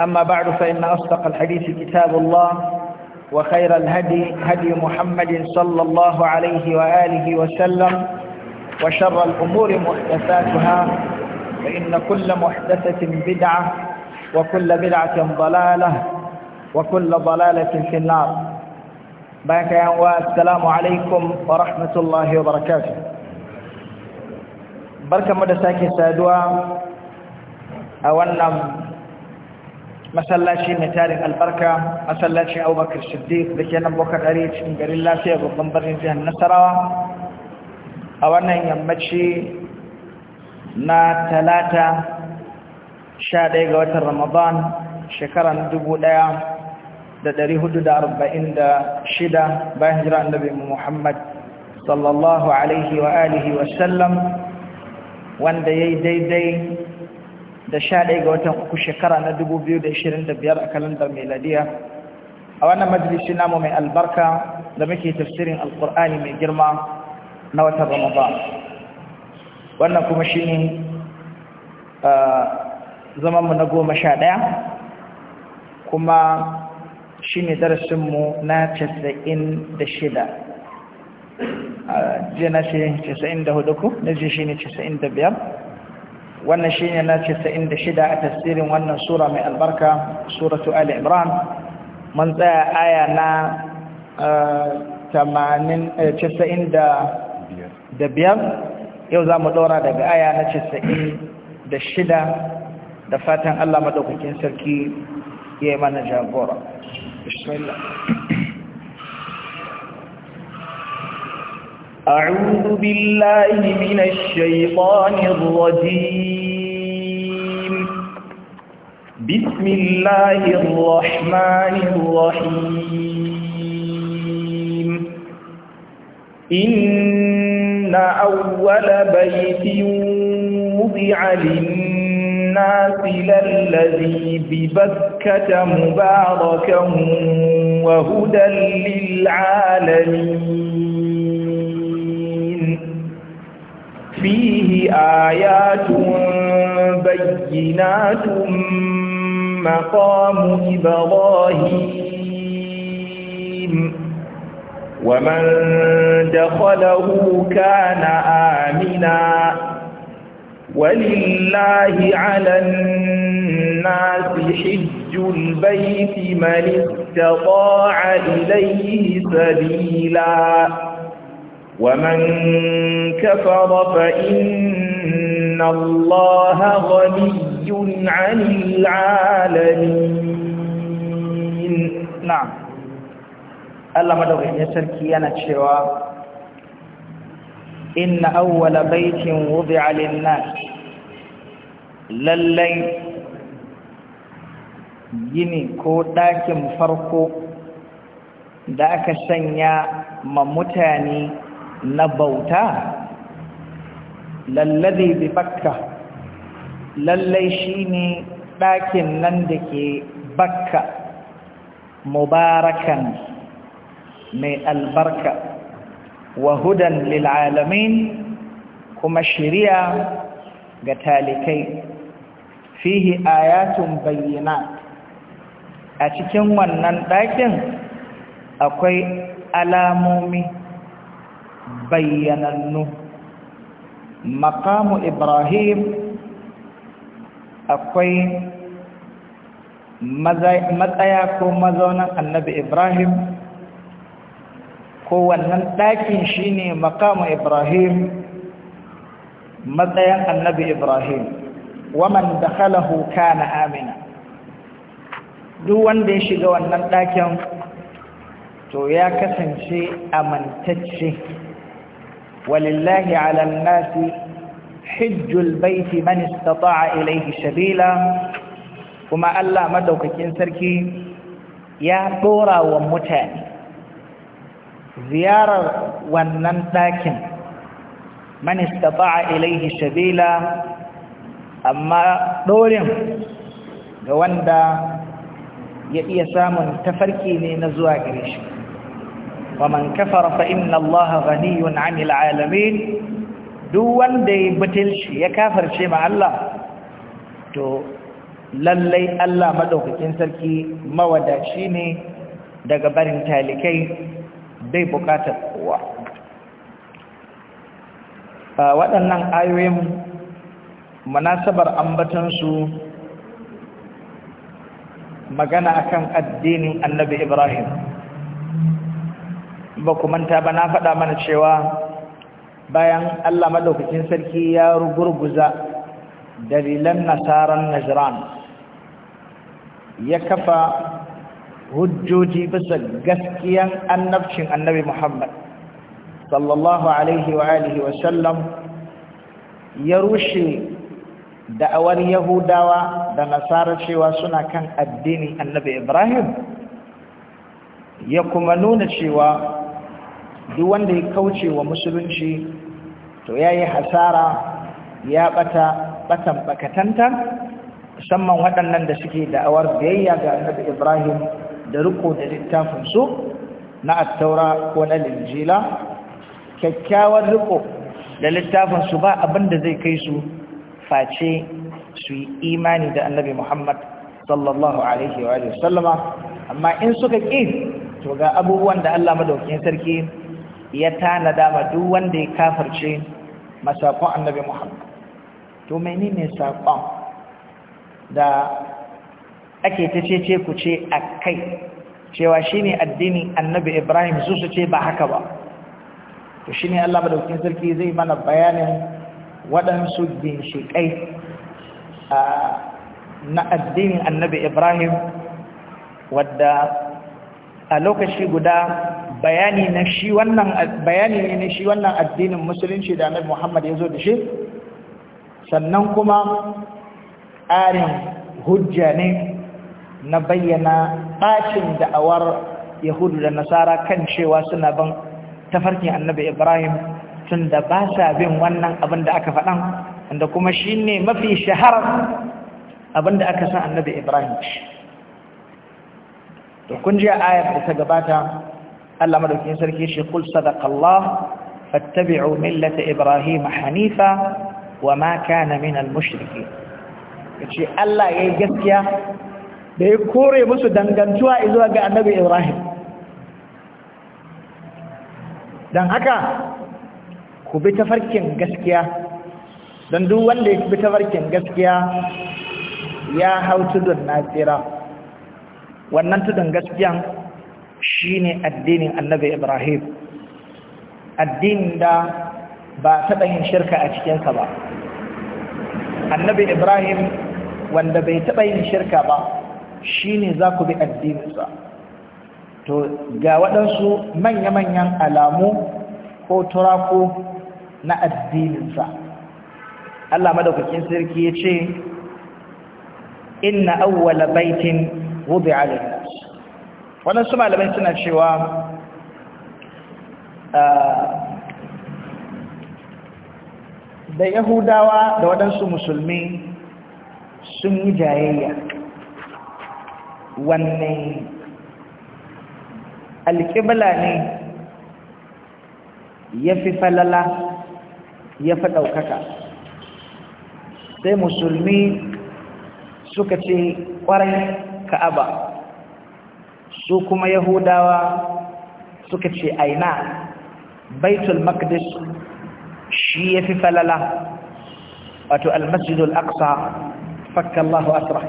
أما بعد فإن أصدق الحديث كتاب الله وخير الهدي هدي محمد صلى الله عليه وآله وسلم وشر الأمور محدثاتها فإن كل محدثة بدعة وكل بدعة ضلالة وكل ضلالة في النار باك والسلام عليكم ورحمة الله وبركاته بركة مدساك سادوا أولا masallaci mai tarin albarka masallacin abubakar siddiq da ke nan bukar ɗari cikin garin lafiya babban birnin jihar nasarawa a wannan yammaci na talata sha ɗaya ga watan ramadan shekaran dubu ɗaya da ɗari hudu da arba'in da shida bayan hijira annabi muhammad sallallahu alaihi wa alihi wa sallam wanda ya yi daidai da sha ɗaya ga watan uku shekara na dubu biyu da ishirin da biyar a kalandar meladiya a wannan majalisi namu mai albarka da muke tafsirin alkur'ani mai girma na watan ramadan wannan kuma shi ne zamanmu na goma sha ɗaya kuma shi ne darasinmu na casa'in da shida jiya na ce casa'in da hudu ku na ji shi ne casa'in da biyar wannan shine na 96 a tafsirin wannan sura mai albarka suratu ali imran mun tsaya aya na 80 da biyar yau za mu ɗora daga aya na 96 da fatan Allah maɗaukakin sarki ya yi mana jagora bismillah أعوذ بالله من الشيطان الرجيم بسم الله الرحمن الرحيم إن أول بيت وضع للناس للذي ببكة مباركا وهدى للعالمين فيه آيات بينات مقام إبراهيم ومن دخله كان آمنا ولله على الناس حج البيت من استطاع إليه سبيلا ومن كفر فإن الله غني عن العالمين نعم الله مدوغين يسركي yana cewa إن أول بيت وضع للناس للي gini ko ɗakin farko da aka sanya ma mutane na bauta lallazi lallai shine ɗakin nan da ke bakka mubarakan mai albarka wa hudan lil'alamin kuma shiriya ga talikai fihi ayatun bayyana a cikin wannan ɗakin akwai alamomi bayyanannu makamu ibrahim akwai matsaya ko mazaunan annabi ibrahim ko wannan ɗakin shi ne makama ibrahim matsayin annabi ibrahim waman da halahu kana amina duk wanda ya shiga wannan ɗakin to ya kasance amintacce walillahi alannasi حج البيت من استطاع إليه سبيلا وما ألا sarki ya يا wa mutane ziyarar wannan ɗakin man istata'a ilaihi sabila amma ɗorin ga wanda ya iya samun tafarki ne na zuwa gare shi wa man kafara fa inna allaha ghaniyun 'anil 'alamin duk wanda ya shi ya kafarce ma Allah to lallai Allah madaukakin sarki mawadaci ne daga barin talikai bai bukatar kowa waɗannan ayoyin munasabar ambatansu magana akan addinin annabi ibrahim ba ku manta ba na faɗa mana cewa bayan Allah madaukakin sarki ya rugurguza dalilan nasaran najran ya kafa hujjoji bisa gaskiyan annabcin annabi Muhammad sallallahu alaihi wa alihi wa sallam ya rushe da'awar yahudawa da nasara cewa suna kan addini annabi Ibrahim ya kuma nuna cewa duk wanda ya kauce wa musulunci to ya yi hasara ya ɓata batan bakatanta musamman waɗannan da suke da'awar biyayya ga annabi ibrahim da riko da littafinsu na attaura ko na linjila kyakkyawar riko da littafinsu ba abinda zai kai su face su yi imani da annabi muhammad sallallahu alaihi wa sallama amma in suka ƙi to ga abubuwan da allah madaukin sarki ya tana dama duk wanda ya kafirce masakon annabi Muhammad to menene sakon da ake ta ce ku ce akai cewa shine addinin annabi Ibrahim su su ce ba haka ba to shine Allah madaukakin sarki zai mana bayanin waɗansu ginshiƙai na addinin annabi Ibrahim wadda a lokaci guda bayani na shi wannan bayani ne na shi wannan addinin musulunci da Annabi Muhammad ya zo da shi sannan kuma ƙarin hujja ne na bayyana bacin da'awar Yahudu da Nasara kan cewa suna ban tafarkin Annabi Ibrahim tunda ba sa bin wannan abin da aka faɗan wanda kuma shine mafi shahara abin da aka san Annabi Ibrahim to kun ji ayar da ta gabata Allah madaukakin sarki shi kul sadaqallah fattabi'u millata ibrahim hanifa wa ma kana minal mushrikeen yace Allah yayi gaskiya da ya kore musu dangantuwa zuwa ga annabi ibrahim dan haka ku bi tafarkin gaskiya don duk wanda ya bi tafarkin gaskiya ya hau tudun na wannan tudun gaskiyan shine addinin annabi ibrahim addinin da ba taɓa yin shirka a cikinsa ba annabi ibrahim wanda bai taɓa yin shirka ba ne za ku bi addininsa to ga waɗansu manya-manyan alamu ko turaku na addininsa Allah madaukakin sarki ya ce inna awwala baitin wubi'a lin waɗansu malamai suna cewa ah, da yahudawa da waɗansu musulmi sun yi jayayya wanne alƙibla ne ya fi falala ya fi ɗaukaka sai musulmi suka ce ƙwarai ka'aba su kuma yahudawa suka ce aina baitul maqdis shi yafi falala wato almasjidul aqsa fakkallahu asra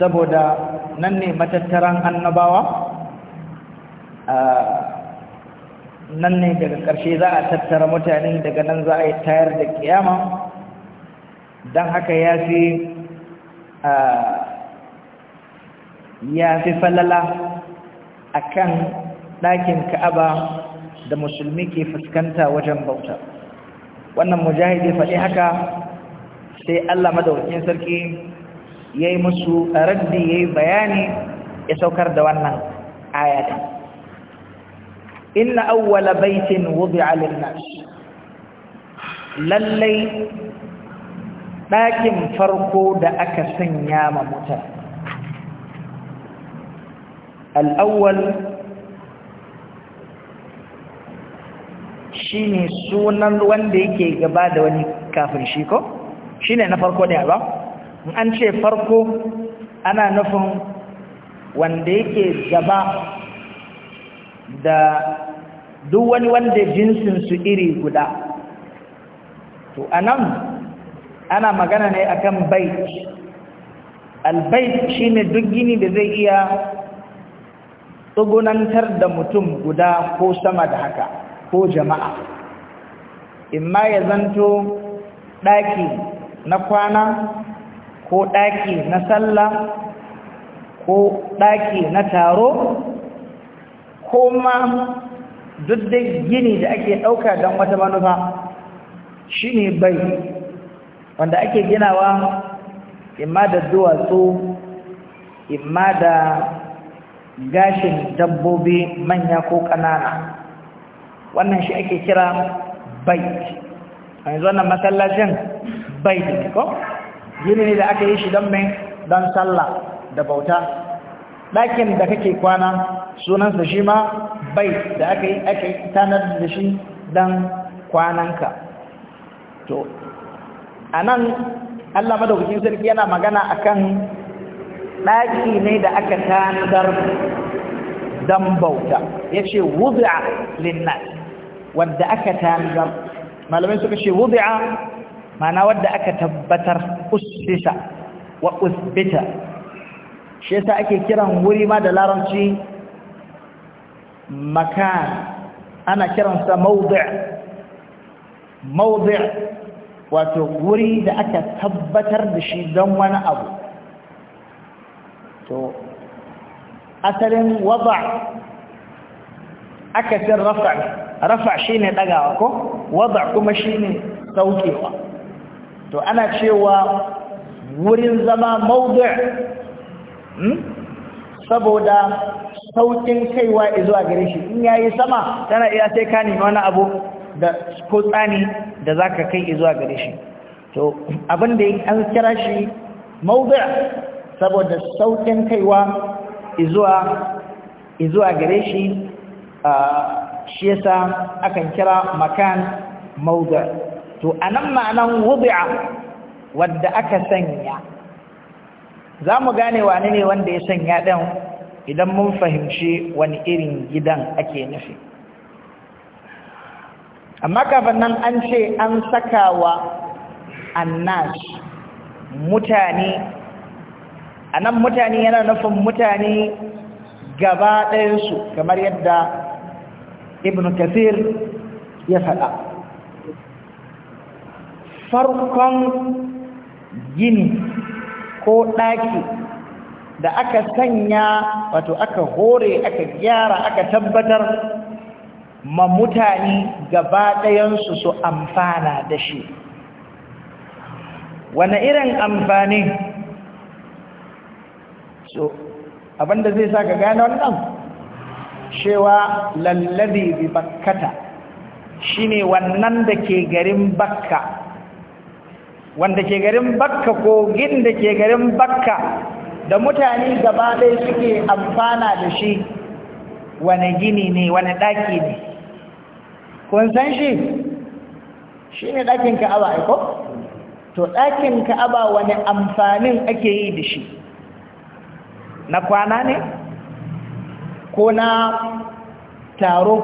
saboda nan ne matattaran annabawa nan ne daga ƙarshe za a tattara mutane daga nan za a yi tayar da kiyama don haka ya fi ya fi falala akan ɗakin ka'aba da musulmi ke fuskanta wajen bauta wannan ya faɗi haka sai Allah madaukakin sarki yayi musu raddi yayi bayani ya saukar da wannan ayatin inna awwala baitin wubi lin lallai ɗakin farko da aka sanya ma mutane al'awwal shi ne sunan wanda yake gaba da wani kafin shi ko shi ne na farko ne ba an ce farko ana nufin wanda yake gaba da duk wani wanda jinsinsu iri guda to anan ana magana ne akan bait albait shine duk gini da zai iya tsugunantar da mutum guda ko sama da haka ko jama'a imma ya zanto ɗaki na kwana ko ɗaki na sallah ko ɗaki na taro ko ma duk da gini da ake ɗauka don wata manufa shi ne bai wanda ake ginawa imma da duwatsu imma da gashin dabbobi manya ko ƙanana wannan shi ake kira bait a yanzu wannan masallacin bait ko gini ne da aka yi shi don mai don sallah da bauta ɗakin da kake kwana sunansa shi ma bai da aka yi aka yi tanar da shi don kwananka to a nan allah madaukakin sarki yana magana akan ɗaki ne da aka tanadar dan bauta yace wudi'a linnas wanda aka tanadar malamai suka ce wudi'a ma'ana wanda aka tabbatar ussisa wa usbita shi yasa ake kiran wuri ma da larabci makan ana kiransa mawdi' mawdi' wato wuri da aka tabbatar da shi don wani abu to asalin wada akasin rafa rafa shine dagawa ko wada kuma shine saukewa to ana cewa wurin zama mawdu' hmm saboda saukin kaiwa izuwa gare shi in yayi sama tana iya sai ka nemi wani abu da ko tsani da zaka kai zuwa gare shi to abin da an kira shi mawdu' saboda saukin kaiwa izuwa gare shi shi yasa akan kira makan mauda to anan ma'anan wudi'a wadda aka sanya za mu gane wane ne wanda ya sanya ɗan idan mun fahimci wani irin gidan ake nufi amma kafin nan an ce an saka wa annas mutane a nan mutane yana nufin mutane gaba ɗayansu kamar yadda ibn kafir ya faɗa farkon gini ko ɗaki da aka sanya wato aka hore aka gyara aka tabbatar ma mutane gaba ɗayansu su amfana da shi wane irin amfani so abinda zai sa ka gane wannan cewa lallabi bi bakkata shine wannan da ke garin bakka wanda ke garin bakka kogin da ke garin bakka da mutane gaba ɗaya suke amfana da shi wane gini ne wane ɗaki ne kun san shi shi ne ɗakin ka'aba aiko to ɗakin ka'aba wani amfanin ake yi da shi na kwana ne ko na taro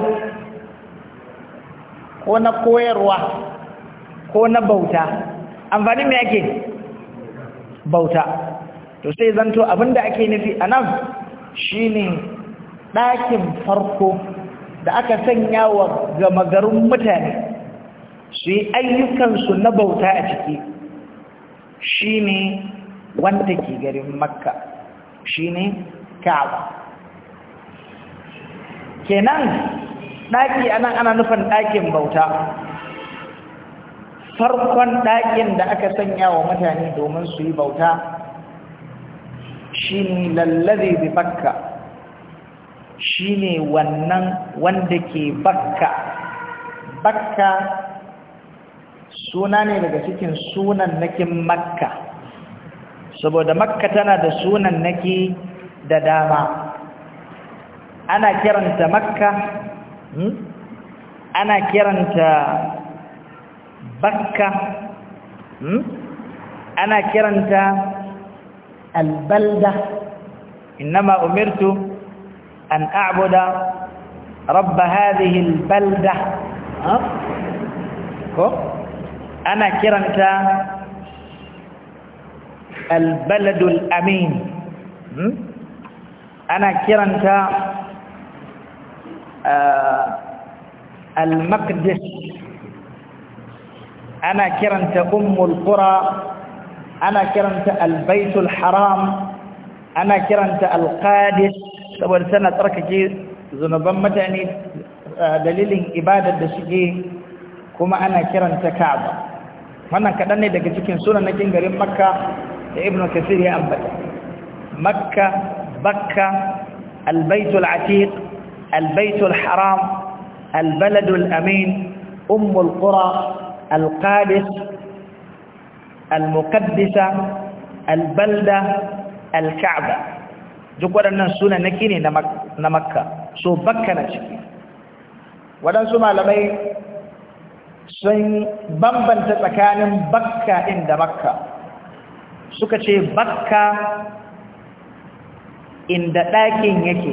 ko na koyarwa ko na bauta amfani mai ake bauta to sai zanto abinda ake nufi a anan ne ɗakin farko da aka sanya wa gama garin mutane su yi ayyukansu na bauta a ciki shi ne wanda ke garin makka shine Ka'aba kenan daki anan ana nufin dakin bauta farkon dakin da aka sanya wa mutane domin su yi bauta shine lallazi bi bakka shine wannan wanda ke bakka bakka suna ne daga cikin sunan nakin makka saboda makka tana da sunan naki da dama ana kiranta makka hmm? ana kiranta bakka hmm? ana kiranta albalda innama umirtu an a'buda رب هذه البلده ko ana kiranta albaladul amin hmm? ana kiranta uh, al-maqdis ana kiranta ummul qura ana kiranta al haram ana kiranta al-qadis saboda tana tsarkake zunuban mutane uh, dalilin ibadar da suke kuma ana kiranta ka'aba wannan kaɗan ne daga cikin sunan na garin makka ابن كثير أنبت مكة بكة البيت العتيق البيت الحرام البلد الأمين أم القرى القادس المقدسة البلدة الكعبة ذكر أن السنة نكيني نمكة سو بكة نشكي ودن سمع لبي سن بمبن تتكان بكة عند مكة. suka ce bakka inda ɗakin yake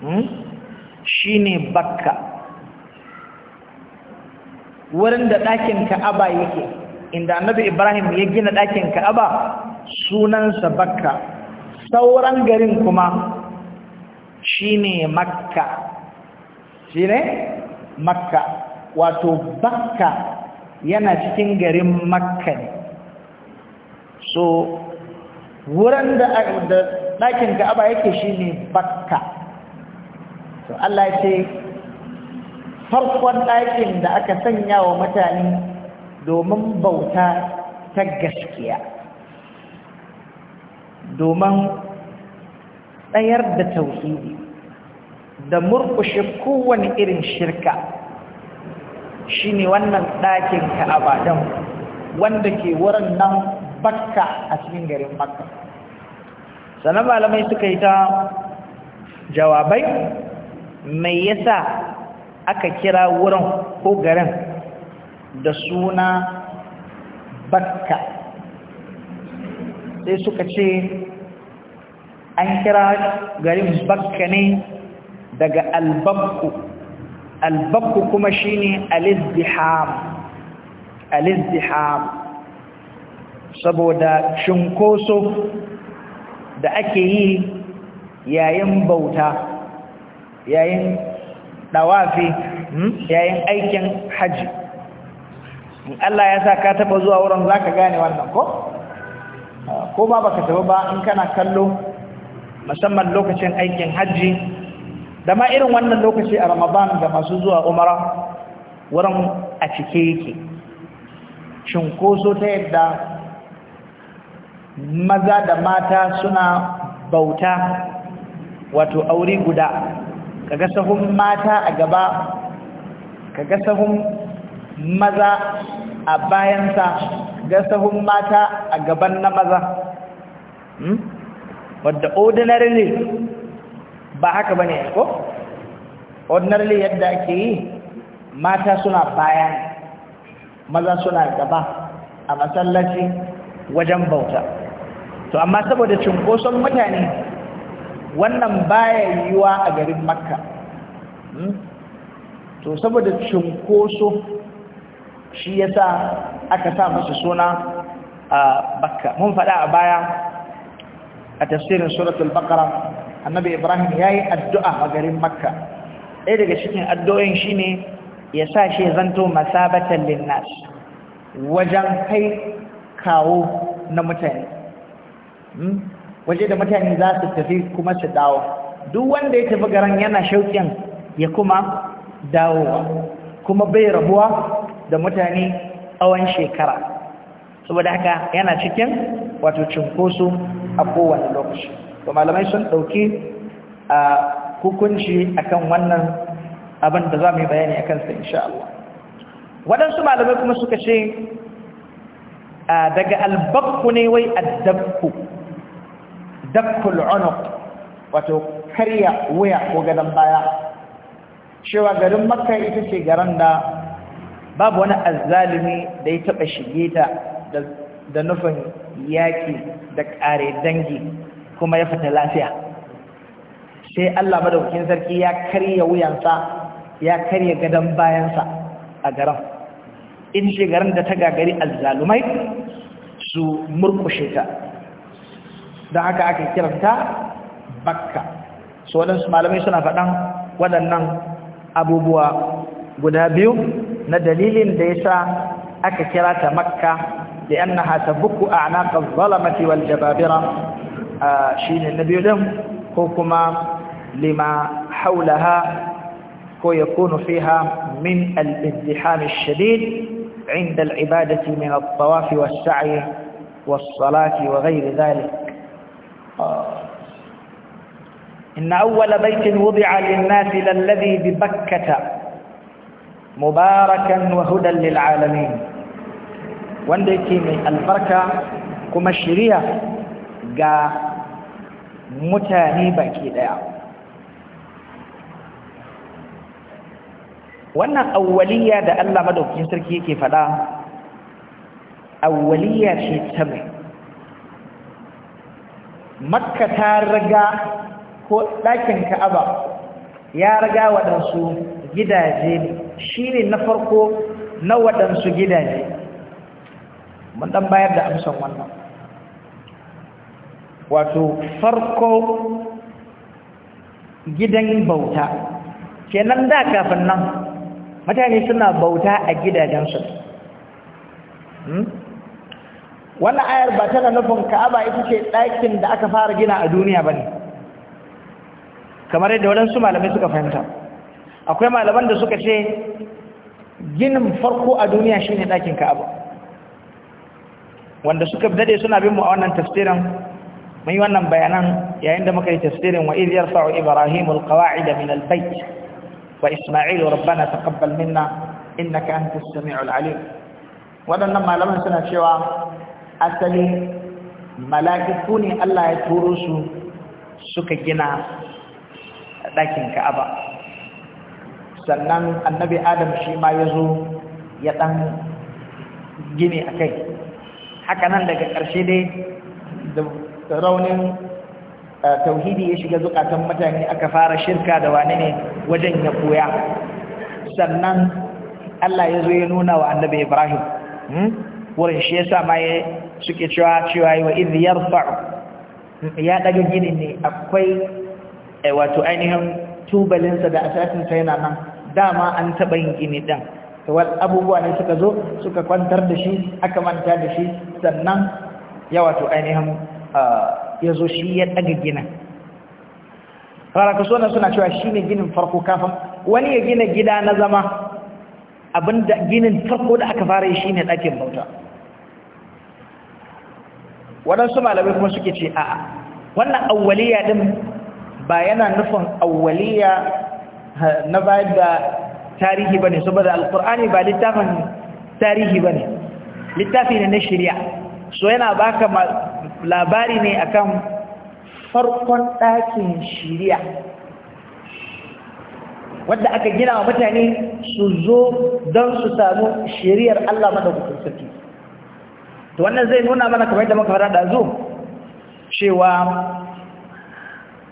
hmm, shi ne bakka wurin da ɗakin ka'aba yake inda annabi ibrahim ya gina ɗakin ka'aba sunansa bakka sauran garin kuma shi ne makka shi ne makka wato bakka yana cikin garin makka ne so wurin da ɗakin ka'aba yake shi ne bakka to Allah ce farkon ɗakin da aka sanya wa mutane domin bauta ta gaskiya domin tsayar da tauhidi da murkushe kowane irin shirka shi ne wannan ɗakin ka'aba don wanda ke wurin nan bakka a cikin garin makka sannan malamai suka yi ta jawabai mai yasa aka kira wurin ko garin da suna bakka sai suka ce an kira garin bakka ne daga albabku albabku kuma shine alizdiham alizdiham saboda shinkoso da ake yi yayin bauta yayin dawafi hmm, yayin aikin haji in Allah ya sa ka taba zuwa wurin zaka gane wannan ko ah, ko ba baka taba ba in kana kallo musamman lokacin aikin haji da ma irin wannan lokaci a Ramadan da masu zuwa umara wurin a cike yake shinkoso ta yadda maza da mata suna bauta wato aure guda kaga sahun mata a gaba kaga sahun maza a bayansa kaga sahun mata a gaban na maza hmm? wadda ordinarily ba haka bane ko ordinarily yadda ake yi mata suna bayan maza suna gaba a masallaci wajen bauta to amma saboda cunkoson mutane wannan baya yiwuwa a garin makka hmm? to saboda cunkoso shi ya sa aka sa masu suna a bakka mun faɗa a baya a tafsirin suratul bakara annabi ibrahim ya yi addu'a a garin makka ɗaya daga cikin addu'o'in shine ya sa shi zanto masabatan linnas wajen kai kawo na mutane Hmm? waje da mutane za su tafi kuma su dawo duk wanda ya tafi garan yana shauƙin ya kuma dawowa kuma bai rabuwa da mutane tsawon shekara saboda haka yana cikin wato cinkoso a kowane lokaci to malamai sun ɗauki a hukunci akan wannan abin da za mu yi bayani a kansa insha Allah waɗansu malamai kuma suka ce daga albakku ne wai addabku dakkul unuq wato karya wuya ko gadon baya cewa garin makka ita ce garan da babu wani azzalimi da ya taɓa shige ta da nufin yaki da ƙare dangi kuma ya fita lafiya sai Allah madaukakin sarki ya karya wuyansa ya karya gadon bayansa a garin in shi garin da ta gagari azzalumai su murkushe ta da haka ake kiranta bakka so waɗansu malamai suna faɗan waɗannan abubuwa guda biyu na dalilin da yasa aka kira ta makka da yana hata buku a anaƙar zalamati wal jababira shi ne na biyu ko kuma lima haulaha ko ya kunu fiha min al-izdiham ash shadid 'inda al-ibadati min at عند العبادة من الطواف salati wa وغير dhalik آه. إن أول بيت وضع للناس للذي ببكة مباركا وهدى للعالمين وانديكي من البركة كما الشريعة جاء متاني بكي ديا wannan awwaliya da Allah madaukakin sarki yake faɗa awwaliya makka ta riga ko ɗakin ka'aba ya riga waɗansu gidaje shine shi ne na farko na waɗansu gidaje mun ɗan bayar da amsan wannan wato farko gidan bauta kenan da kafin nan mutane suna bauta a gidajensu hmm? wannan ayar ba tana nufin ka'aba ita ce ɗakin da aka fara gina a duniya ba ne kamar yadda waɗansu malamai suka fahimta akwai malaman da suka ce ginin farko a duniya shi ne ɗakin ka'aba wanda suka dade suna bin mu a wannan tafsirin mun yi wannan bayanan yayin da muka yi tafsirin wa idiyar sa'o ibrahim alkawa'ida min albayt wa isma'il rabbana taqabbal minna innaka antas sami'ul alim waɗannan malaman suna cewa asali mala'iku ne Allah ya turo su suka gina ɗakin Ka'aba sannan annabi Adam shi ma ya zo ya ɗan gini a kai haka nan daga ƙarshe dai da raunin eh, tauhidi ya shiga zukatan mutane aka fara shirka da wane ne wajen ya koya sannan Allah ya zo ya nuna wa annabi Ibrahim hmm? wurin shi yasa ma ya suke cewa cewa yi wa izi ya yarfa'u ya daga gini ne akwai eh, wato ainihin tubalinsa da asasinsa yana nan dama an taɓa yin gini ɗin kawai abubuwa ne suka zo suka kwantar da shi aka manta da shi sannan ya wato ainihin eh, ya zo shi ya ɗaga ginin rarakaso na suna cewa shi ne ginin farko kafin wani ya gina gida na zama abinda ginin farko da aka fara shi ne ɗakin bauta waɗansu malamai kuma suke ce a'a wannan awwaliya ɗin ba yana nufin awwaliya na bayar da tarihi bane saboda alqur'ani ba littafin tarihi ne. littafi ne na shirya so yana baka labari ne akan farkon ɗakin shirya, wadda aka gina wa mutane su zo don su samu shari'ar Allah madaukakin sarki to wannan zai nuna mana kamar yadda muka fara da zu cewa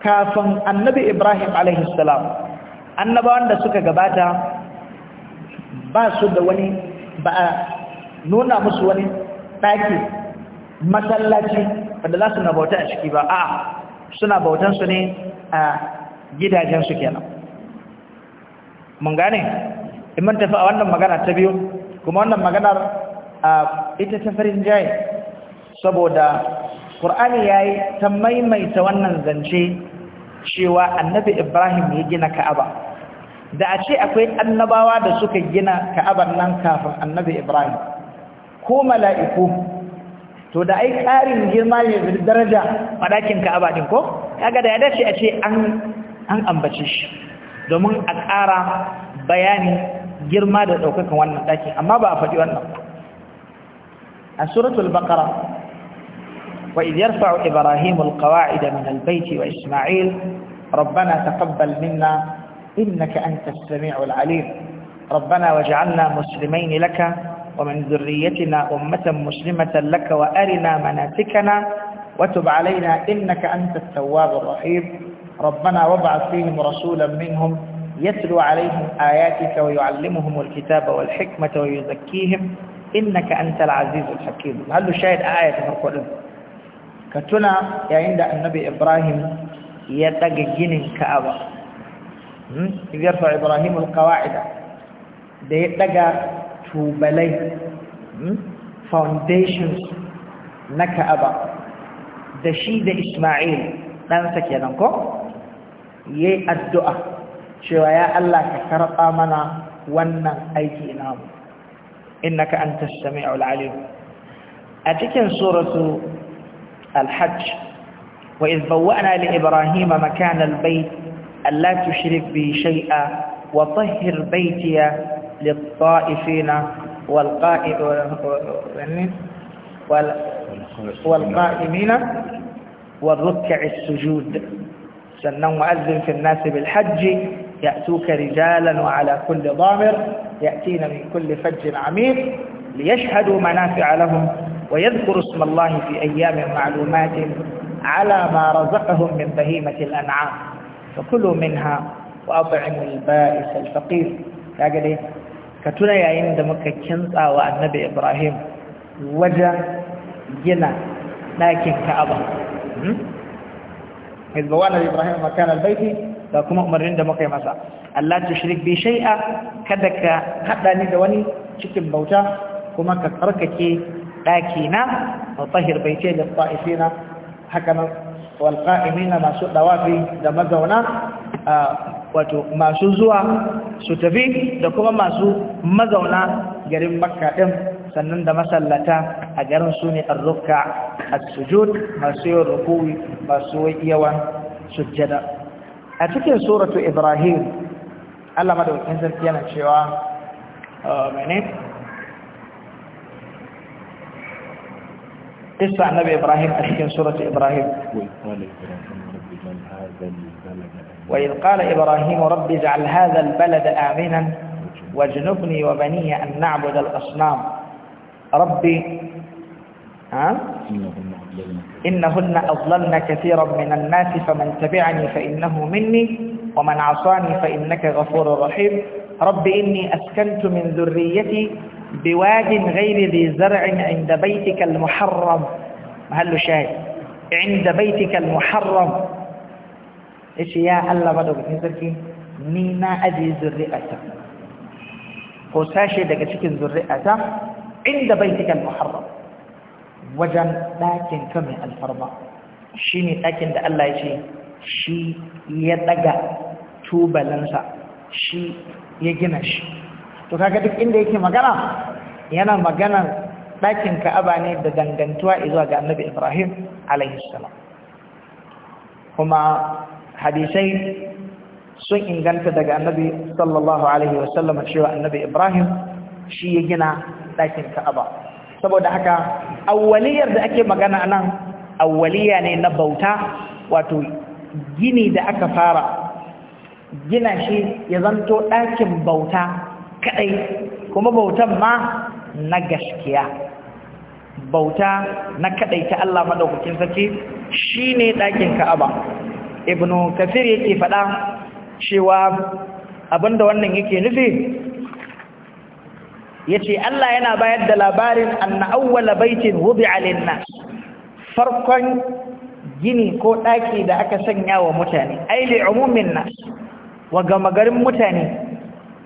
kafin annabi Ibrahim alaihi salam annabawan da suka gabata ba su da wani ba nuna musu wani ɗaki masallaci wanda za su na bauta a ciki ba a suna bautan su ne a gidajensu kenan mun gane imanta mun tafi a wannan magana ta biyu kuma wannan maganar ita ta farin jai saboda ƙur'ani ya yi ta maimaita wannan zance cewa annabi ibrahim ya gina ka'aba da a ce akwai annabawa da suka gina ka'aban nan kafin annabi ibrahim ko mala'iku to da ai ƙarin girma ne da daraja a dakin ka'aba ɗin ko kaga da ya dace a ce an ambace shi domin a ƙara bayani girma da ɗaukakan wannan ɗakin amma ba a faɗi wannan سورة البقرة وإذ يرفع إبراهيم القواعد من البيت وإسماعيل ربنا تقبل منا إنك أنت السميع العليم ربنا واجعلنا مسلمين لك ومن ذريتنا أمة مسلمة لك وأرنا مناسكنا وتب علينا إنك أنت التواب الرحيم ربنا وابعث فيهم رسولا منهم يتلو عليهم آياتك ويعلمهم الكتاب والحكمة ويزكيهم innaka antal azizul hakim hallu shahid aya ta farko din ka tuna yayin da annabi ibrahim ya daga ginin ka'aba hmm yarfa ibrahim alqawaida da ya daga tubalai hmm foundations na ka'aba da shi da isma'il ɗansa kenan ko yayi addu'a cewa ya Allah ka karɓa mana wannan aiki namu innaka antas sami'ul alim a cikin suratu al-hajj wa idh bawwa'na li ibrahima makana al-bayt alla tushrik bi shay'a wa tahhir baytiya للطائفين والقائم والقائمين والركع السجود سنن مؤذن في الناس بالحج يأتوك رجالا وعلى كل ضامر يأتين من كل فج عميق ليشهدوا منافع لهم ويذكروا اسم الله في أيام معلومات على ما رزقهم من بهيمة الأنعام فكلوا منها وأطعموا البائس الفقير لقد كتنا يا عند مكتنطا والنبي إبراهيم وجه جنا لكن كابا hizbawa ibrahim makan albaiti da kuma umarnin da muka yi masa Allah ta shirik bi shai'a kada ka haɗa ni da wani cikin bauta kuma ka tsarkake ɗakina wa tsahir baiti da ta'ifina haka nan wal qa'imina masu dawafi da mazauna wato masu zuwa su tafi da kuma masu mazauna garin makka sannan da masallata a garin su ne arruka a sujud masu yin rukuwi masu yawan sujjada a cikin suratu ibrahim allah madawakin sarki yana cewa mene قصة عن نبي إبراهيم أشكين سورة إبراهيم وإذ قال إبراهيم رب اجعل هذا البلد آمنا واجنبني وبني أن نعبد الأصنام ربي إنهن أضللن كثيرا من الناس فمن تبعني فإنه مني ومن عصاني فإنك غفور رحيم رب إني أسكنت من ذريتي بواد غير ذي زرع عند بيتك المحرم هل شاهد عند بيتك المحرم إيش يا الله بدو بتنزلكي نينا أجي ذريئتك وساشي دقا شكل ذريئتك عند بيتك المحرم wajen ɗakin ka mai alfarma shi ne ɗakin da Allah ya ce shi ya ɗaga tubalansa shi ya gina shi to kaga duk inda yake magana yana magana ɗakin ka'aba ne da dangantuwa izuwa ga annabi ibrahim alaihissalam kuma hadisai sun inganta daga annabi sallallahu alaihi wasallam cewa annabi ibrahim shi ya gina ɗakin ka'aba saboda haka awwaliyar da ake magana nan awwaliya ne na bauta wato gini da aka fara gina shi ya zanto ɗakin bauta kadai, kuma bautan ma na gaskiya bauta na kadai ta Allah madaukakin sarki shine ɗakin Ka'aba ibnu kafir yake faɗa cewa abinda wannan yake nufi yace Allah yana bayar da labarin anna awwala baitin wudi'a lin-nas farkon gini ko daki da aka sanya wa mutane ai li umumin nas wa gamagarin mutane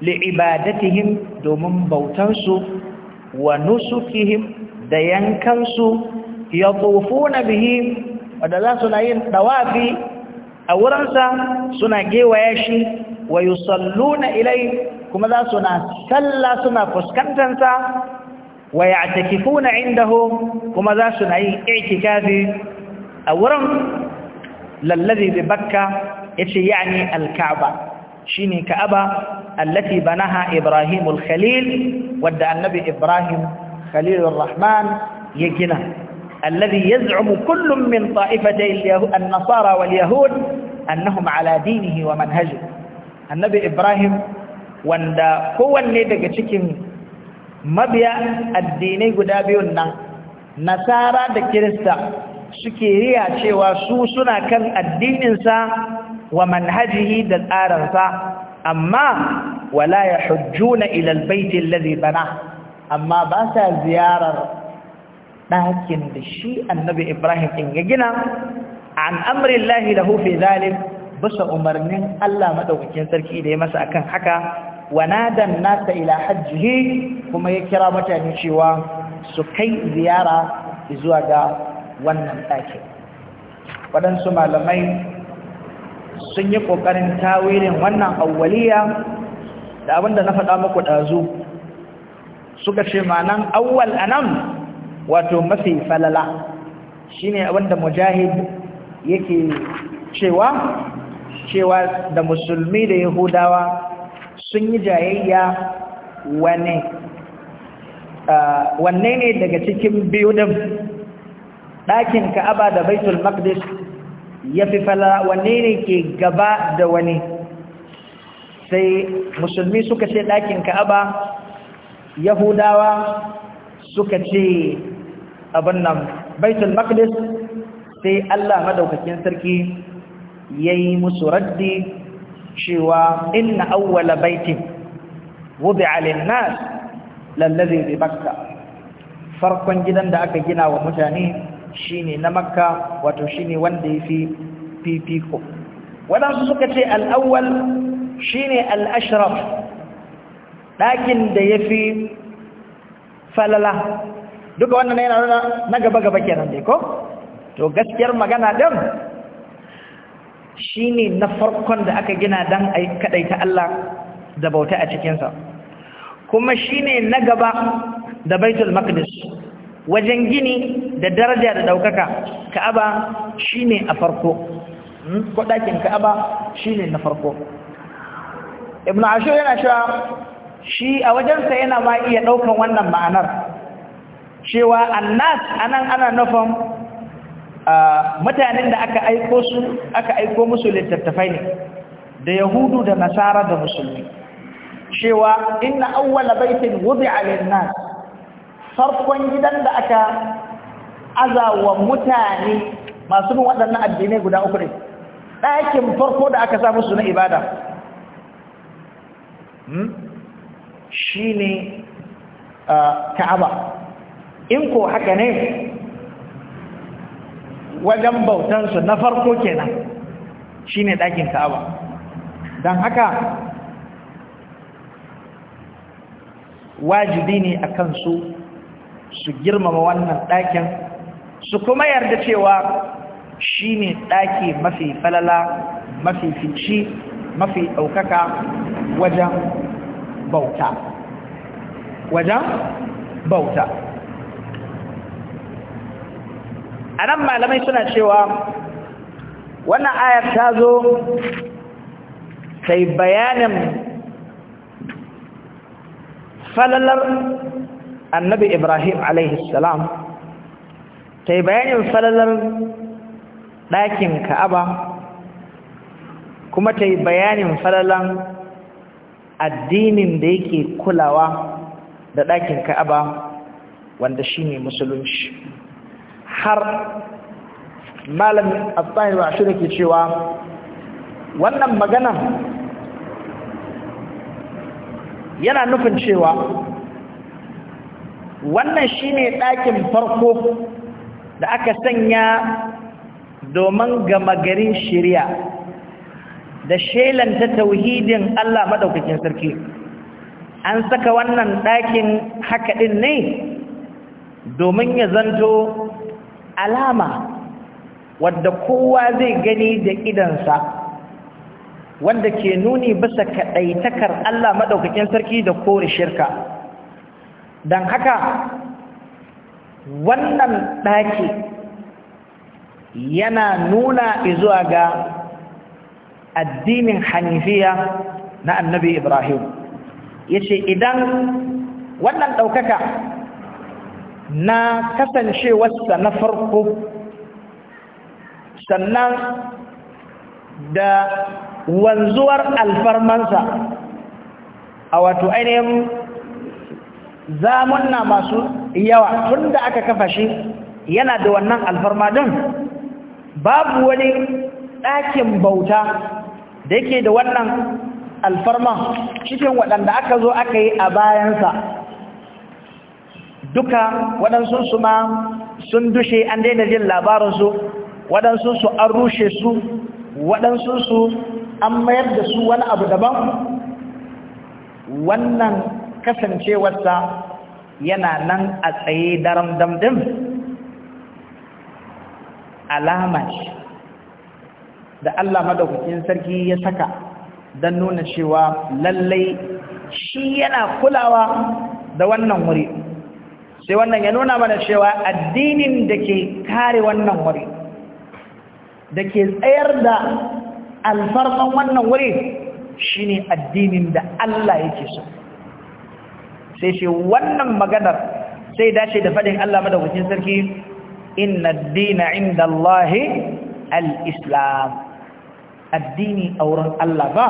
li ibadatihim domin su, wa nusukihim da yankansu yatufuna bihi wanda za su na yin ɗawafi. a wurinsa suna gewaya shi wa yusalluna ilai kuma za su na sallah suna fuskantansa wa ya'takifuna indahu kuma za su na yi i'tikafi a wurin lallazi bi bakka yace yani al-ka'ba shine ka'aba allati banaha ibrahim al-khalil wadda annabi ibrahim khalil ar-rahman ya gina alladhi yaz'umu kullun min ta'ifatay an-nasara wal-yahud annahum ala dinihi wa manhajihi annabi ibrahim wanda kowanne daga cikin mabiya addinai guda biyun nan nasara da kirista suke riya cewa su suna kan addininsa wa manhajihi da tsararsa amma wala ya hujjuna ilal baiti allazi bana amma ba sa ziyarar ɗakin da shi annabi ibrahim in ya gina an lahi lahu fi zalim bisa umarnin Allah madaukakin sarki da ya masa akan haka wanadan nadan nasa ila hajjihi kuma ya kira mutane cewa su kai ziyara zuwa ga wannan ɗakin waɗansu malamai sun yi ƙoƙarin tawilin wannan awwaliya da abinda na faɗa muku ɗazu suka ce ma'anan awwal anan wato mafi falala shine abinda mujahid yake cewa cewa da musulmi da yahudawa sun yi jayayya wane wanne ne daga cikin biyu din ɗakin ka'aba da baitul maqdis ya fi fala wanne ne ke gaba da wani sai musulmi suka ce ɗakin ka'aba yahudawa suka ce abin nan baitul maqdis sai Allah madaukakin sarki ya yi musu raddi cewa inna awwala baitin wudi'a lin-nas lalladhi bi makka farkon gidan da aka gina wa mutane shine na makka wato shine wanda yafi fifiko wadansu suka ce al-awwal shine al-ashraf dakin da yafi falala duka wannan yana nuna na gaba gaba kenan dai ko to gaskiyar magana din Shi ne na farkon da aka gina don yi kaɗai ta Allah da bauta a cikinsa kuma shi ne na gaba da Baitul Maqdis wajen gini da daraja da ɗaukaka, Ka'aba shi ne a farko hmm? ko ka'aba Ka'aba ne na farko Ibn Ashur yana cewa shi a wajensa yana ma iya ɗaukan wannan ma'anar cewa annas anan ana nufin mutanen da aka aiko su aka aiko musu littattafai ne da yahudu da nasara da musulmi cewa inna awwala baitin wudi'a lin-nas farkon gidan da aka azawa mutane masu bin waɗannan addinai guda uku ne ɗakin farko da aka sa musu na ibada hmm? shi ne uh, ka'aba in ko haka ne wajen bautansu na farko kenan shine ɗakin ka'aba don haka wajibi ne a kansu su girmama wannan ɗakin su kuma yarda cewa shi ne ɗaki mafi falala mafi fici mafi ɗaukaka wajen bauta wajen bauta a nan malamai suna cewa wannan ayar ta zo sai bayanin falalar annabi ibrahim salam, sai bayanin falalar ɗakin ka'aba kuma ta bayanin falalan addinin da yake kulawa da ɗakin ka'aba wanda shi ne musulunci har malam al-tahir wa ke cewa wannan magana yana nufin cewa wannan shine ɗakin farko da aka sanya domin gama garin shari'a da shelanta tauhidin Allah madaukakin sarki an saka wannan ɗakin haka ɗin ne domin ya zanto alama wadda kowa zai gani da idansa wanda ke nuni bisa kaɗaitakar Allah maɗaukakin sarki da kore shirka don haka wannan ɗaki yana nuna izuwa ga addinin hanifiya na annabi ibrahim ya ce idan wannan ɗaukaka na kasancewarsa na farko sannan da wanzuwar alfarmansa a wato ainihin zamunna masu yawa tun da aka kafa shi yana da wannan alfarma din babu wani ɗakin bauta da yake da wannan alfarma cikin waɗanda aka zo aka yi a bayansa duka waɗansu ma sun dushe an daina jin labarinsu waɗansu an rushe su waɗansu an mayar da su wani abu daban wannan kasancewarsa yana nan a tsaye daram damdam alama ce da Allah madaukakin sarki ya saka don nuna cewa lallai shi yana kulawa da wannan wuri sai wannan ya nuna mana cewa addinin da ke kare wannan wuri da ke tsayar da alfarman wannan wuri shine addinin da Allah yake so sai ce wannan maganar sai dace da faɗin Allah madaukakin sarki inna ad-dina 'inda Allah al-islam addini wurin Allah ba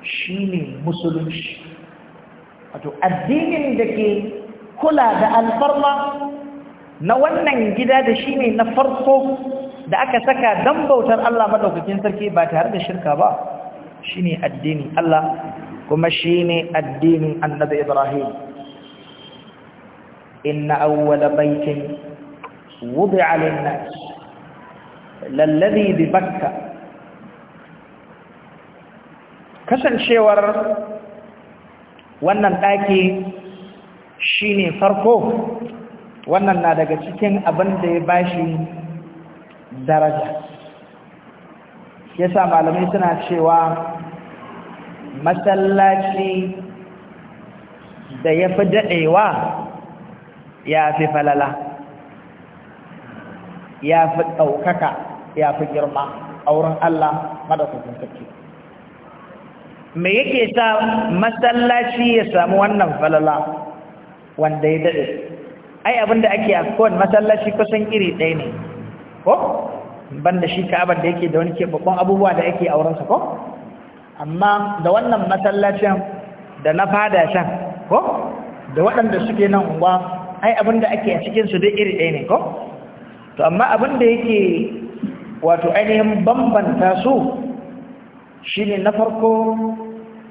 shine musulunci wato addinin da ke kula da alfarma na wannan gida da shi ne na farko da aka saka don bautar Allah maɗaukakin sarki ba tare da shirka ba shi ne addini Allah kuma shi ne addinin annabi Ibrahim inna awwala baitin wudi'a lin-nas lalladhi bi Bakka kasancewar wannan ɗaki Shi ne farko wannan na daga cikin abin da ya bashi daraja yasa malamai suna cewa masallaci da ya fi daɗewa ya fi falala ya fi ɗaukaka ya fi girma a wurin Allah madafafin sarki me yake sa masallaci ya sami wannan falala wanda ya daɗe ai abinda ake a kowane masallaci kusan iri ɗaya ne ko banda shi ka'abar da yake da wani keɓaɓɓen abubuwa da ake a wurinsa ko amma da wannan masallacin da na fada shan ko da waɗanda suke nan unguwa ai abinda ake a cikinsu duk iri ɗaya ne ko to amma abinda yake wato ainihin bambanta su shine na farko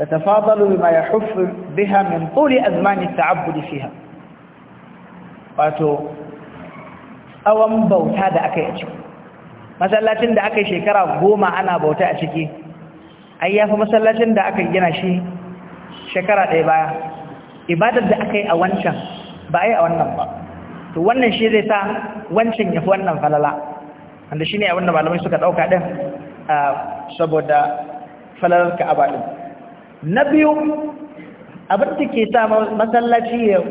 تتفاضل بما يحف بها من طول أزمان التعبد فيها wato tsawon bauta da aka yi a ciki masallacin da aka yi shekara goma ana bauta a ciki ai ya fi masallacin da aka gina shi shekara ɗaya baya ibadar da aka yi a wancan ba a yi a wannan ba to wannan shi zai sa wancan ya fi wannan falala wanda shi ne a wannan malamai suka ɗauka ɗin saboda falalar ka'aba ɗin na biyu abin da ke sa masallaci ya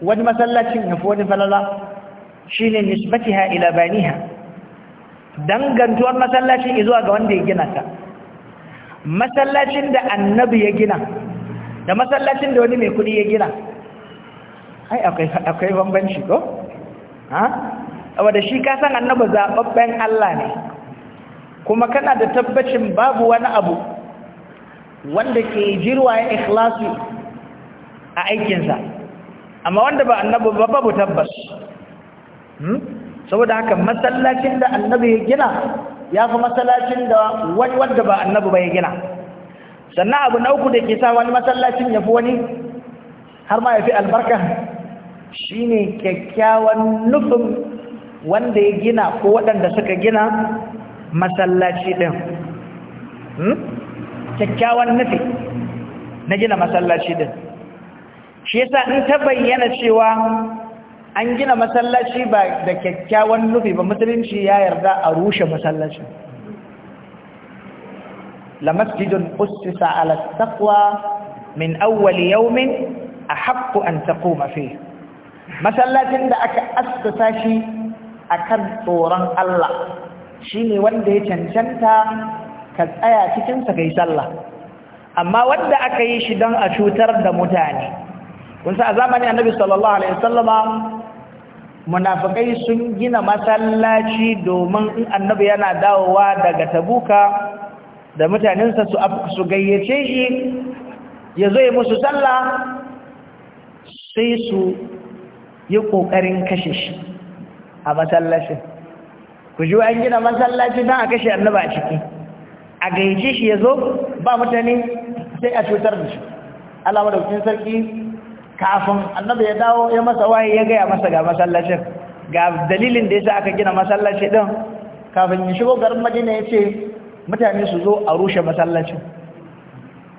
wani masallacin ya fi wani falala shi ne ha ila baniha dangantuwar masallacin zuwa ga wanda ya gina ta masallacin da annabi ya gina da masallacin da wani mai kudi ya gina ai akwai bambanci ko? ha? wadda shi kasan annabi zaɓaɓɓen Allah ne kuma kana da tabbacin babu wani abu wanda ke jirwa ya ikhlasu a aikinsa amma wanda ba annabi ba babu tabbas hmm? saboda haka masallacin da annabi ya gina ya fi masallacin da wani wanda ba annabi ba ya gina sannan abu na uku da ke sa wani masallacin ya fi wani har ma ya fi albarka shine kyakkyawan nufin wanda ya gina ko waɗanda suka gina masallaci ɗin hmm? kyakkyawan nufi na gina masallaci din shi yasa in ta bayyana cewa an gina masallaci ba da kyakkyawan nufi ba musulunci ya yarda a rushe masallaci la masjidun ussisa ala taqwa min awwal yawmin ahaqqu an taquma masallacin da aka assasa shi akan tsoron Allah shine wanda ya cancanta ka tsaya cikinsa ka yi sallah amma wanda aka yi shi don a cutar da mutane kun sa a zamanin annabi sallallahu alaihi wasallama munafikai sun gina masallaci domin in annabi yana dawowa daga tabuka da mutanensa su su gayyace shi ya zo ya musu sallah sai su yi kokarin kashe shi a masallacin ku ji an gina masallaci don a kashe annabi a ciki a gayyace shi ya zo ba mutane sai a cutar da shi da madaukakin sarki kafin annabi ya dawo ya masa waye ya gaya masa ga masallacin ga dalilin da ya sa aka gina masallaci din kafin ya shigo garin majina ya ce mutane su zo a rushe masallacin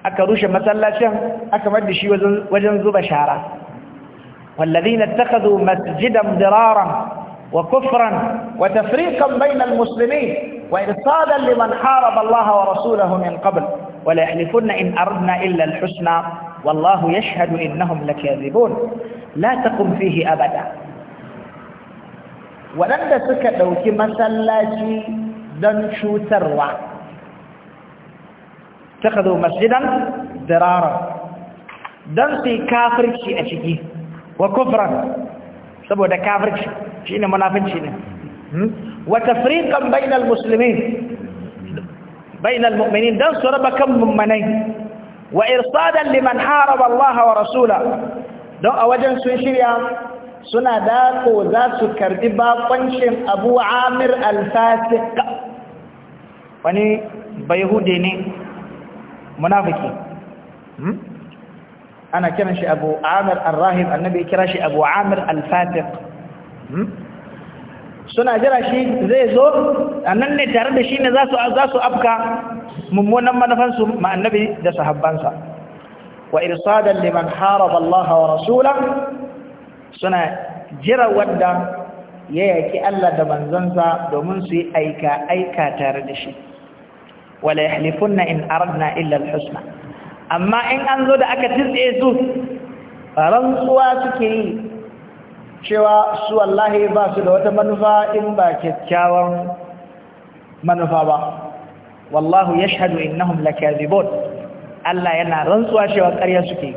aka rushe masallacin aka bar shi wajen zuba shara والذين اتخذوا مسجدا ضرارا وكفرا وتفريقا بين المسلمين وإرصادا لمن حارب الله ورسوله من قبل وليحلفن إن أردنا إلا الحسنى والله يشهد إنهم لكاذبون لا تقم فيه أبدا ولن تكدوك مسلاتي دنشو تروى اتخذوا مسجدا درارا دنسي كافرشي أشيكي وكفرا سبو ده كافرشي شيني منافنشيني وتفريقا بين المسلمين بين المؤمنين دنس ربكم ممنين وإرصادا لمن حارب الله ورسوله don a wajen sun shirya suna dako za su karbi bakoncin abu amir alfasik wani bayhude ne munafiki ana kiran shi abu amir al-rahib annabi kira shi abu amir alfasik suna jira shi zai zo a nan ne tare da shi ne za su afka mummunan manufansu ma'annabi da sahabbansa wa irsadan liman haraba Allah wa rasula suna jira wanda ya yaki Allah da manzansa domin su yi aika aika tare da shi wala yahlifunna in aradna illa alhusna amma in an zo da aka tsitse su rantsuwa suke yi cewa su wallahi ba su da wata manufa in ba kyakkyawan manufa ba wallahu ya yashhadu innahum lakazibun Allah yana rantsuwa cewa ƙarya suke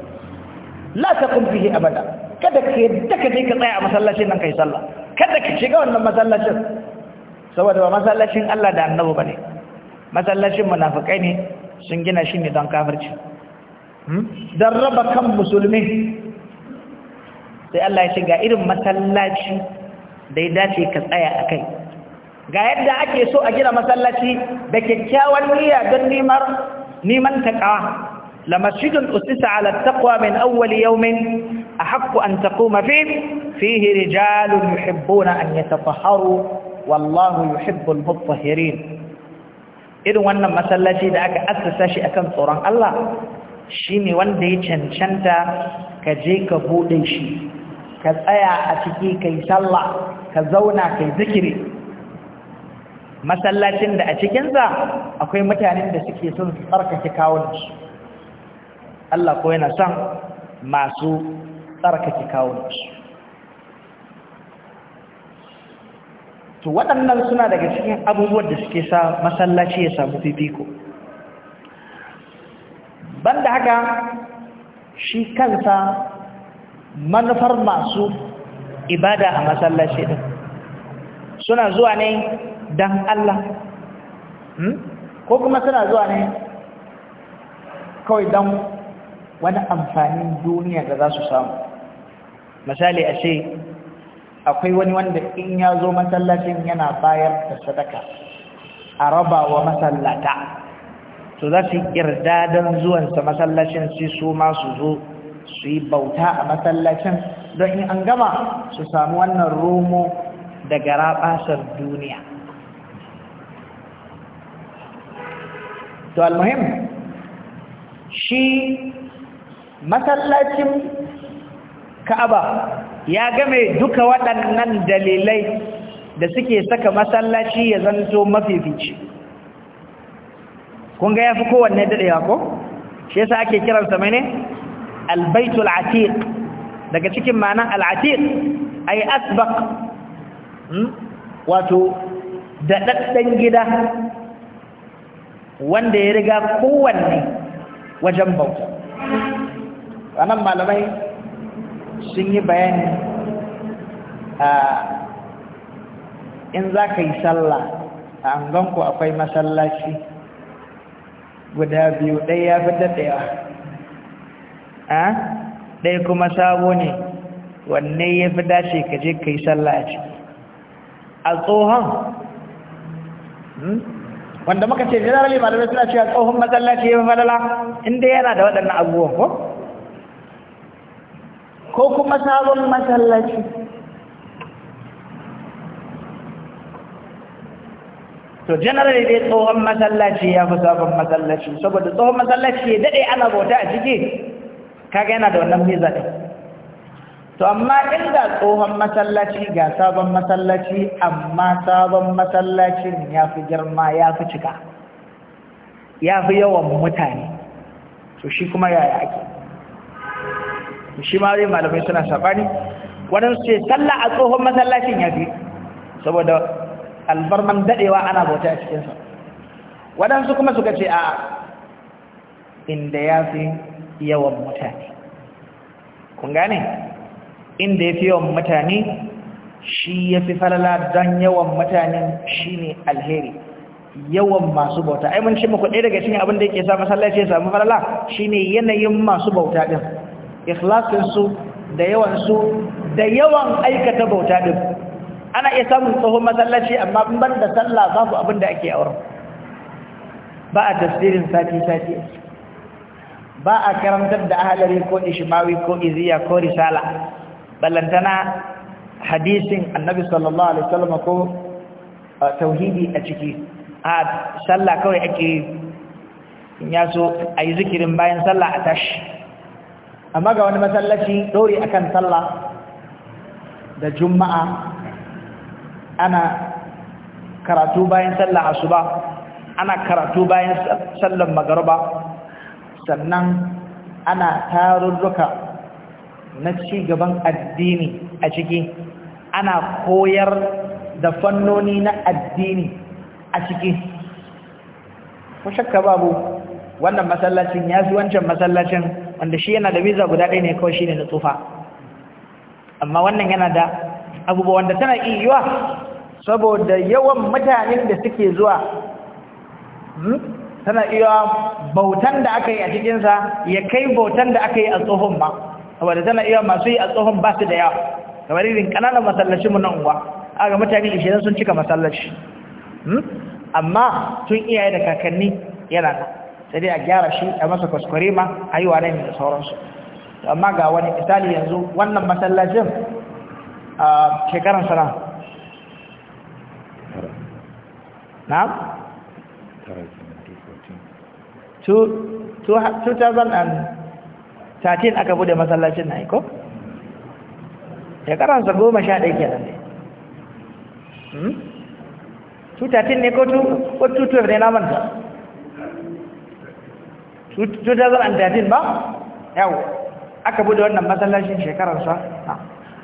la taqum fihi abada kada ka yadda ka je ka tsaya a masallacin nan kai sallah kada ka shiga wannan masallacin saboda ba masallacin Allah da annabi bane masallacin munafikai ne sun gina shi ne don kafirci hmm? dan raba kan musulmi sai Allah ya ce ga irin masallaci da ya dace ka tsaya a kai ga yadda ake so a gina masallaci da kyakkyawan niyya don nimar neman taqwa la masjidun usisa ala taqwa min awwal yawmin ahqqu an taquma fi fihi rijalun yuhibbuna an yatahharu wallahu yuhibbul mutahhirin irin wannan masallaci da aka assasa shi akan tsoron Allah shine wanda ya cancanta ka je ka bude shi ka tsaya a ciki kai sallah ka zauna kai zikiri masallacin da a cikinsa akwai mutanen da suke son su tsarkake Allah ko yana son masu tsarkake kawunansu to waɗannan suna daga cikin abubuwan da suke sa masallaci ya samu fifiko banda haka shi kansa manufar masu ibada a masallaci din suna zuwa ne dan Allah hmm? ko kuma suna zuwa ne kawai dan wani amfanin duniya da za su samu misali a ce akwai wani wanda in ya zo masallacin yana bayar da sadaka a raba wa masallata to za su yi irdadan zuwansa masallacin su su ma su zo su yi bauta a masallacin don in an gama su samu wannan romo daga rabasar duniya to al-muhim shi masallacin ka'aba ya game duka waɗannan dalilai da suke saka masallaci ya zanto mafifici kun ga ya fi kowanne daɗewa ko shi yasa ake kiransa mai albaitul atiq daga cikin ma'anan al'atiq ay asbaq hmm? wato daɗaɗɗen gida wanda ya riga kowanne wajen bauta anan malamai sun yi bayani in za ka yi sallah a angonku akwai masallaci guda biyu ɗaya ya fi daɗewa a ɗaya kuma sabo ne wanne ya fi dace ka je ka yi sallah a ciki a tsohon hmm? wanda muka ce generally malamai suna a tsohon matsalaci ya fi falala inda yana da waɗannan abubuwan ko ko kuma sabon matsalaci to generally dai tsohon masallaci ya fi sabon masallaci saboda tsohon masallaci ya daɗe ana bauta a ciki kaga yana da wannan miza ɗin to amma inda tsohon masallaci ga sabon masallaci amma sabon masallacin ya fi girma ya fi cika ya fi yawan mutane to shi kuma yaya ake shi ma zai malamai suna saɓani waɗansu ce sallah a tsohon masallacin ya fi saboda albarman daɗewa ana bauta a cikinsa waɗansu kuma suka ce a inda ya fi yawan mutane kun gane inda yafi yawan mutane shi ya fi falala don yawan mutane shi ne alheri yawan masu bauta ai mun ce muku ɗaya daga cikin abin da yake sa masallaci ya samu falala shine yanayin masu bauta din ikhlasin su da yawan da yawan aikata bauta din ana iya samun tsohon masallaci amma ban da sallah babu abin da ake auren ba a tasirin sati sati ba a karantar da ahalari ko ishimawi ko iziya ko risala ballantana hadisin annabi sallallahu alaihi wasallam ko tauhidi a ciki a sallah kawai ake in ya so a yi zikirin bayan sallah a tashi amma ga wani masallaci dori akan sallah da juma'a ana karatu bayan sallah asuba ana karatu bayan sallan magaraba. sannan ana tarurruka na cigaban addini a ciki ana koyar da fannoni na addini a ciki ko shakka babu wannan masallacin ya fi wancan masallacin wanda shi yana da visa guda ɗaya ne kawai shi ne na tsufa amma wannan yana da abubuwa wanda tana iya saboda yawan mutanen da suke zuwa hmm? tana iya bautan da aka yi a cikinsa ya kai bautan da aka yi a tsohon ba saboda tana iya masu yi a tsohon ba su da yawa kamar irin ƙananan masallaci mu na unguwa ga mutane ishe sun cika masallaci hmm? amma tun iyaye da kakanni yana nan sai dai a gyara shi a masa kuskure ma a yi wa da sauransu amma ga wani misali yanzu wannan masallacin a ah, shekaran sana na 2013 aka bude masallacin na iko shekaransa goma sha ɗaya kenan ne 2013 hmm? ne ko 2012 ne na manta 2013 ba yau aka bude wannan masallacin sa.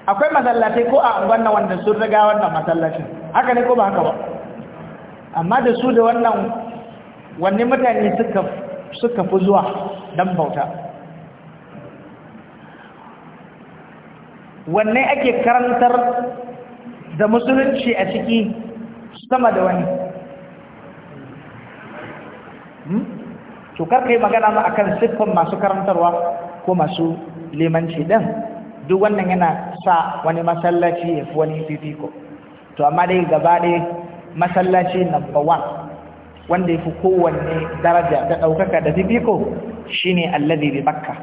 akwai masallaci ko a wannan wanda sun riga wannan masallacin haka ne ko ba haka ba amma da su da wannan wanne mutane suka suka fi zuwa don bauta wanne ake karantar da musulunci a ciki sama da wani cukar hmm? kai magana ma kan siffan masu karantarwa ko masu limanci ɗin duk wannan yana sa wani masallaci ya fi wani fifiko to amma dai gaba ɗaya masallaci number one wanda yafi kowanne daraja da daukaka da fifiko shine allazi bi makka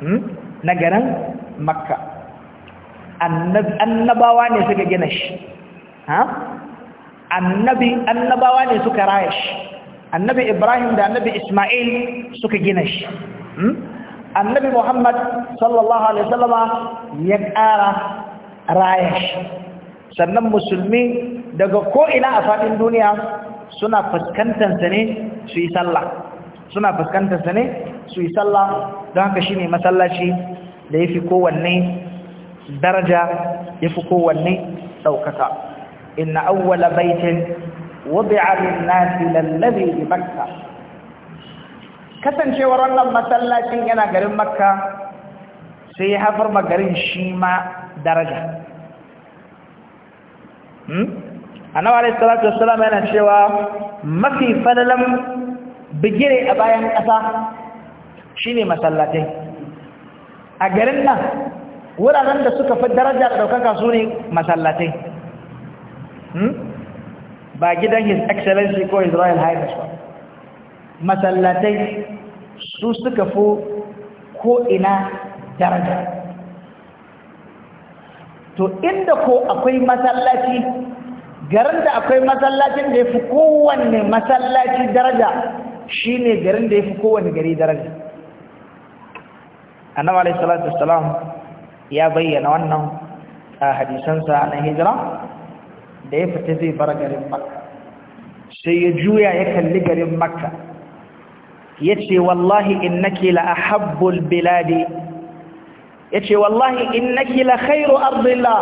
hmm? na garin makka annabawa ne suka gina shi ha annabi annabawa ne suka raya shi annabi ibrahim da annabi isma'il suka gina shi hmm? annabi muhammad sallallahu alaihi wasallama ya ƙara raya shi sannan musulmi daga ko ina a fadin duniya suna fuskantarsa ne su yi sallah suna fuskantarsa ne su yi sallah don haka shine masallaci da yafi kowanne daraja yafi kowanne daukaka inna awwala baitin wudi'a lin-nasi lalladhi bi Makkah kasancewar wannan masallacin yana garin Makka sai ya haifar ma garin shi ma daraja hmm annabi alaihi salatu wassalam yana cewa mafi fadalan bigire a bayan kasa shine masallatai a garin nan wuraren da suka fi daraja da daukaka su ne masallatai hmm? ba gidan his excellency ko israel royal highness ba masallatai su suka fi ko'ina daraja to inda ko akwai masallaci garin da akwai masallacin da ya fi kowanne masallaci daraja shi ne garin da ya fi kowanne gari daraja annabi alaihi salatu wassalam ya bayyana wannan a hadisansa na hijira da ya fita zai bar garin makka sai ya juya ya kalli garin makka ya ce wallahi in la ahabbul biladi ya ce wallahi innaki la khairu ardillah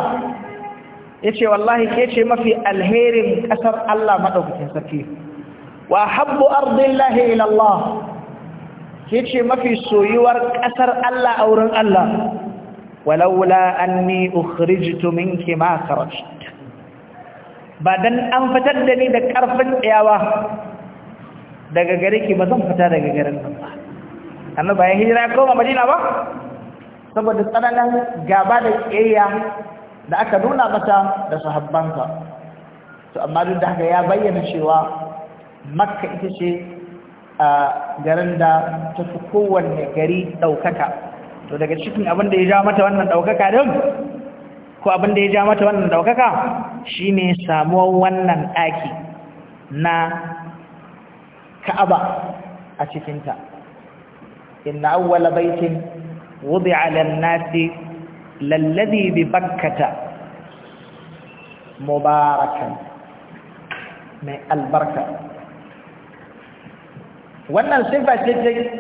ya ce wallahi ke ce mafi alherin ƙasar Allah maɗaukakin sarki wa habbu ardillahi ilallah ke ce mafi soyuwar ƙasar Allah a wurin Allah walaula anni ukhrijtu minki ma kharajt ba dan an fitar da ni da ƙarfin tsayawa daga gare ki ba zan fita daga garin nan ba annabi ya hijira koma Madina ba saboda tsananan gaba da kiyayya da aka nuna mata da sahabbanka to amma duk da haka ya bayyana cewa makka ita ce a garin da ta fi kowanne gari ɗaukaka to daga cikin abin da ya ja mata wannan ɗaukaka don, ko abin da ya ja mata wannan ɗaukaka shine samuwar wannan ɗaki na ka'aba a cikinta inna awwala baitin wudi'a lin-nasi للذي ببكة مباركا من البركة وانا السفة تجد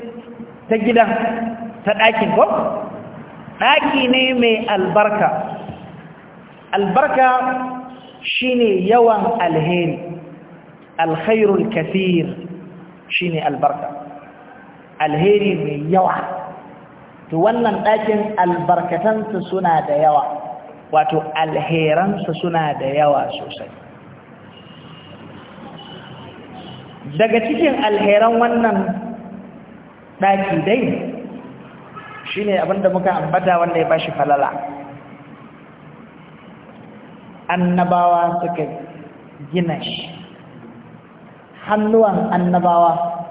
تتاكد بك تأكيني من البركة البركة شيني يوم الهين الخير الكثير شيني البركة الهيري من يوم to wannan ɗakin albarkatansa suna da yawa wato alheransa suna da yawa sosai daga cikin alheran wannan ɗaki dai shi ne abinda muka ambata wanda ya bashi falala annabawa suka gina shi hannuwan annabawa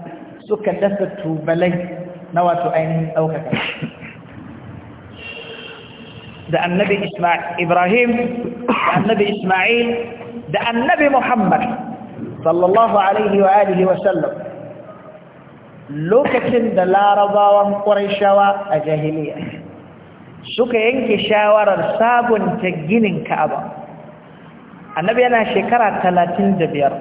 suka dasa tubalai na wato ainihin ɗaukaka shi da annabi Ibrahim da annabi Ismail da annabi Muhammad sallallahu alaihi wa alihi wa sallam lokacin da larabawan ƙwarishawa a jahiliya suka yanke shawarar sabunta ginin ka'aba annabi yana shekara talatin da biyar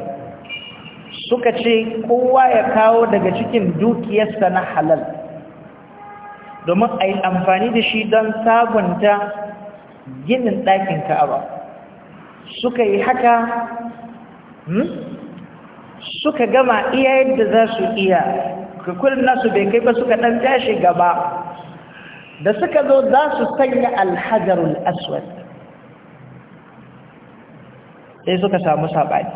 suka ce kowa ya kawo daga cikin dukiyarsa na halal domin a yi amfani da shi don sabunta ginin ɗakin ka'aba suka yi haka hmm? suka gama iya yadda za su iya kukulun nasu bai kai ba suka ɗan tashi gaba da suka zo za su sanya alhajarul aswad sai suka samu sabani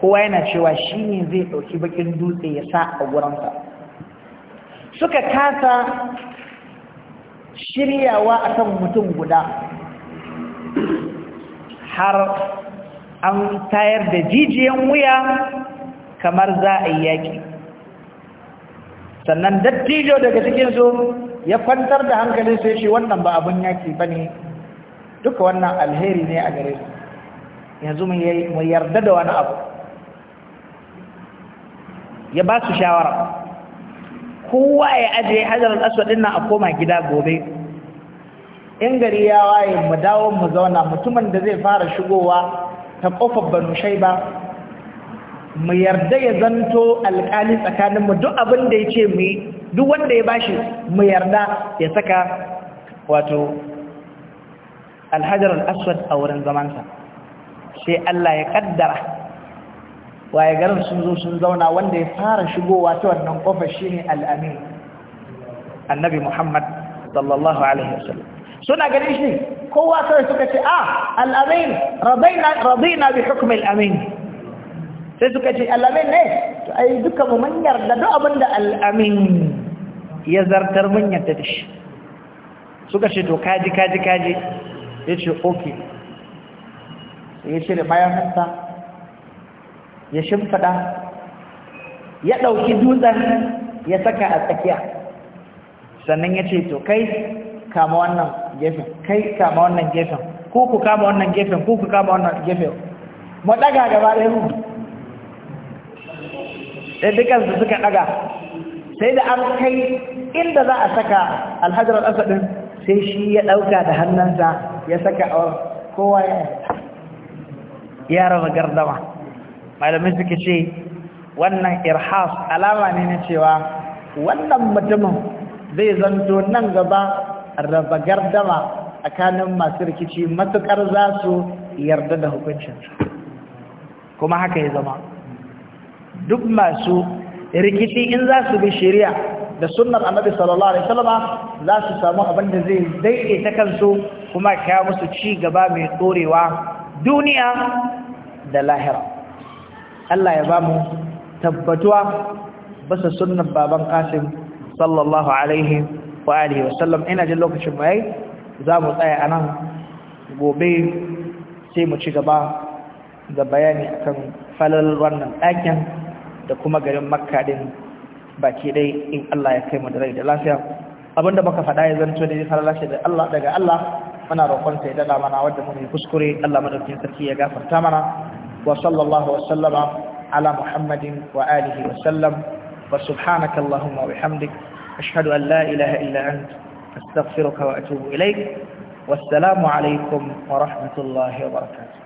kowa yana cewa shi ne zai ɗauki bakin dutse ya sa a wuransa suka kasa shiryawa a kan mutum guda har an tayar da jijiyan wuya kamar za a yi yaƙi sannan dattijo daga cikinsu ya kwantar da hankali sai shi wannan ba abin yaki ba ne duka wannan alheri ne a gare su yanzu mu yarda da wani abu ya ba su shawara kowa ya ajiye hajarar aswad nan a koma gida gobe in gari ya waye mu dawo mu zauna mutumin da zai fara shigowa ta kofar banu ba. mu yarda ya zanto alƙali mu duk abin da ya ce mu yi duk wanda ya bashi mu yarda ya saka wato alhajar aswad a wurin zamansa sai Allah ya kaddara waye garin sun zo sun zauna wanda ya fara shigowa ta wannan kofar shine al-amin annabi muhammad sallallahu alaihi wasallam suna ganin shi kowa sai suka ce ah al-amin radina radina bi hukm al-amin sai suka ce al-amin ne to ai duka mu mun yarda duk abinda al-amin ya zartar mun yarda da shi suka ce to kaji kaji kaji yace okay sai ya shirya bayan hanta ya shimfada ya ɗauki dutsen ya saka a tsakiya sannan ya ce to kai kama wannan gefen kai kama wannan gefen ko ku kama wannan gefen ko ku kama wannan gefen mu ɗaga gaba ɗaya mu sai dukansu suka ɗaga sai da an kai inda za a saka alhajar al'asadin sai shi ya ɗauka da hannunsa ya saka a kowa ya raba gardama malamai suka ce wannan irhas alama ne na cewa wannan mutumin zai zanto nan gaba raba gardama tsakanin masu rikici matukar za su yarda da hukuncinsa kuma haka ya zama duk masu rikici in za su bi shari'a da sunnar annabi sallallahu alaihi wasallam za su samu abin da zai daidaita kansu kuma kawo musu ci gaba mai dorewa duniya da lahira Allah ya bamu tabbatuwa basa sunnan baban Kasim sallallahu alaihi wa alihi sallam ina jin lokacin mu yayi mu tsaya anan gobe sai mu ci gaba da bayani akan falal wannan ɗakin da kuma garin Makka din baki dai in Allah ya kai mu da rai da lafiya abinda muka faɗa ya zanto da falalashi da Allah daga Allah muna roƙon sai da mana wanda mun yi kuskure Allah madaukakin sarki ya gafarta mana وصلى الله وسلم على محمد وآله وسلم وسبحانك اللهم وبحمدك أشهد أن لا إله إلا أنت أستغفرك وأتوب إليك والسلام عليكم ورحمة الله وبركاته